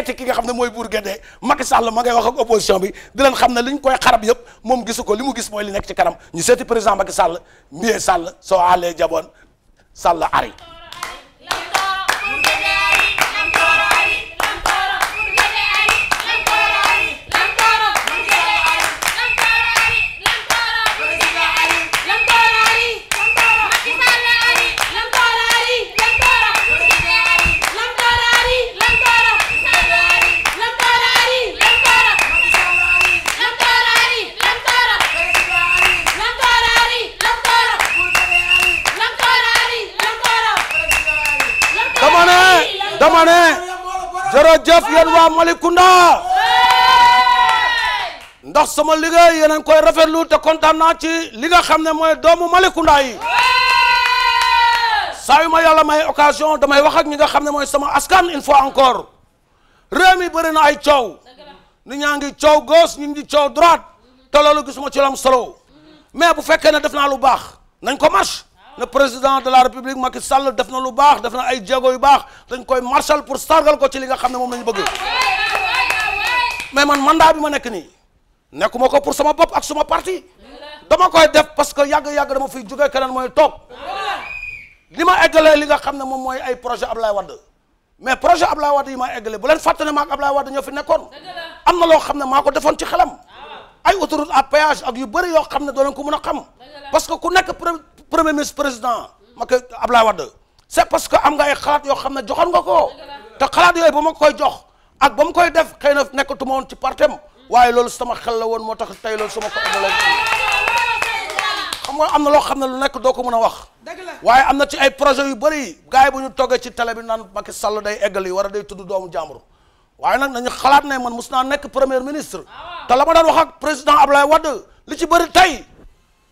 arrêté ki nga xam ne mooy buur Gédé Macky Sall ma ngay wax ak opposition bi di leen xam ne li ñu koy xarab yëpp moom gisu ko li mu gis mooy li nekk ci kanam ñu seeti président Macky Sall mieux Sall soo àllee jaboon Sall ari dama ne jërëjëf yéen waa Malicounda ndax sama liggéey yéen a ngi koy rafetlu te kontaan naa ci li nga xam ne mooy doomu Malicounda yi saa ma yàlla may occasion damay wax ak ñi nga xam ne mooy sama askan une fois encore réew mi bëri na ay coow nit ñaa ngi coow gauche ñu ngi coow droite te loolu gisuma ci lam solo mais bu fekkee ne def naa lu baax nañ ko marche ne président de la république Macky Sall def na lu baax def na ay jéego yu baax dañ koy marshal pour sargal ko ci li nga xam ne moom la ñu bëgg mais man mandat bi ma nekk nii nekkuma ko pour sama bopp ak suma parti dama koy def parce que yàgg-yàgg dama fiy jógee kenan mooy toog li ma eggalee li nga ne moom mooy ay projet Ablaye Wade mais projet Ablaye Wade yi ma eggalee bu leen fàtte ne ma ak Ablaye Wade ñoo fi nekkoon am na loo xam ne ko defoon ci xelam ay autoroute à péage ak yu bëri yoo xam ne doo leen ko mën a xam parce que ku nekk premier ministre président Macky Abdoulaye Wade c'est parce que am nga ay xalaat yoo xam ne joxoon nga ko te xalaat yooyu ba ma koy jox ak ba mu koy def xëy na nekkatuma woon ci partem waaye loolu sama xel la woon moo tax tey loolu sama ko amal xam nga am na loo xam ne lu nekk doo ko mën a wax waaye am na ci ay projet yu bëri gars yi bu ñu toggee ci télé bi naan Macky Sall day eggal yi war a day tudd doomu jàmbur waaye nag nañu xalaat ne man mus naa nekk premier ministre te la ma daan wax ak président Ablaye Wade li ci bëri tey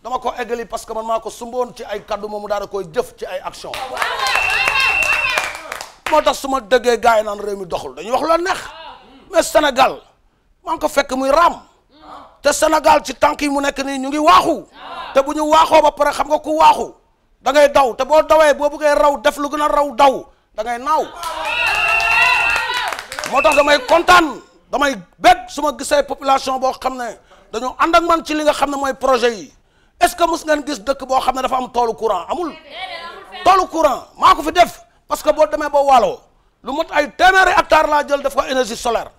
dama ko eggali parce que man maa ko sumboon ci ay kaddu moomu daal di koy jëf ci ay action moo tax suma ma dëggee gars yi naan réew mi doxul dañuy wax lu neex mais Sénégal maa ngi ko fekk muy raam te Sénégal ci tànk yi mu nekk nii ñu ngi waaxu te bu ñu waaxoo ba pare xam nga ku waaxu da ngay daw te boo dawee boo buggee raw def lu gën a raw daw da ngay naaw moo tax damay kontaan damay bég suma ma gisee population boo xam ne dañoo ànd ak man ci li nga xam ne mooy projet yi est-ce que mos ngeen gis dëkk boo xam ne dafa am toolu courant amul toolu courant maa ko fi def parce que boo demee ba waaloo lu mot ay téeméeri hectare laa jël def ko énergie solaire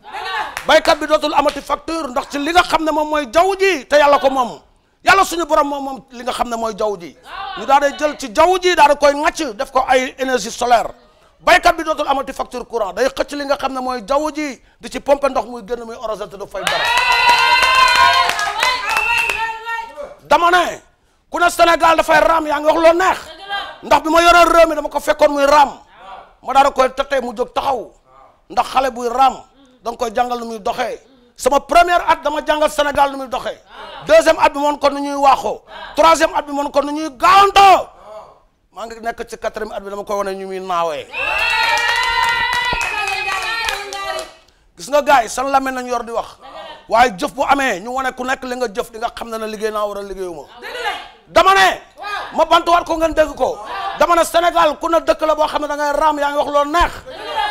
baykat bi dootul amati facture ndax ci li nga xam ne moom mooy jaww ji te yàlla ko moom yàlla suñu borom moom moom li nga xam ne mooy jaww ji ñu daal di jël ci jaww ji daal di koy ŋàcc def ko ay énergie solaire baykat bi dootul amati facture courant day xëcc li nga xam ne mooy jaww ji di ci pompe ndox muy génn muy arrosé te du fay dara dama ne ku ne Sénégal dafay raam yaa ngi wax loo neex ndax bi ma yoree réew mi dama ko fekkoon muy ram ma daal koy tëtee mu jóg taxaw ndax xale buy raam danga koy jàngal nu muy doxee sama première at dama jàngal Sénégal nu muy doxee deuxième at bi moon ko nu ñuy waaxoo troisième at bi moon ko nu ñuy gaawantoo maa ngi nekk ci quatrième at bi dama ko wane ñu muy naawee gis nga gars yi san lameen nañ yor di wax waaye jëf bu amee ñu wane ku nekk li nga jëf di nga xam ne na liggéey naa war a liggéeyuma dama ne ma bantuwaat ko ngeen dégg ko dama ne ku ne dëkk la boo xam ne da ngay yaa ngi wax loolu neex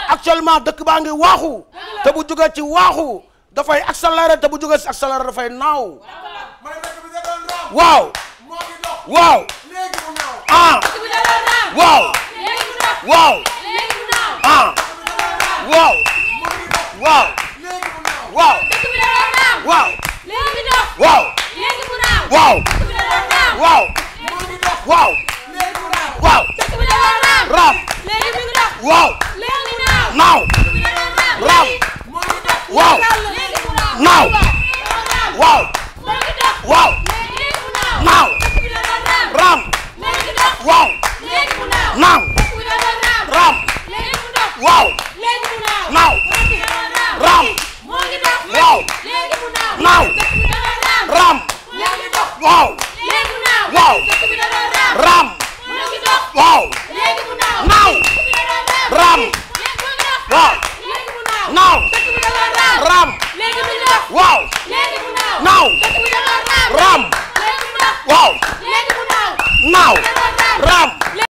actuellement dëkk baa ngi waaxu te bu jógee ci waaxu dafay accéléré te bu jógee ci accéléré dafay naaw waaw waaw ah wow wow ah wow wow wow wow wow wow wow wow waaw raaf waaw naaw raaf waaw naaw waaw waaw naaw naaw. raam. waaw. naaw. raam. waaw. waaw. waaw. waaw. waaw.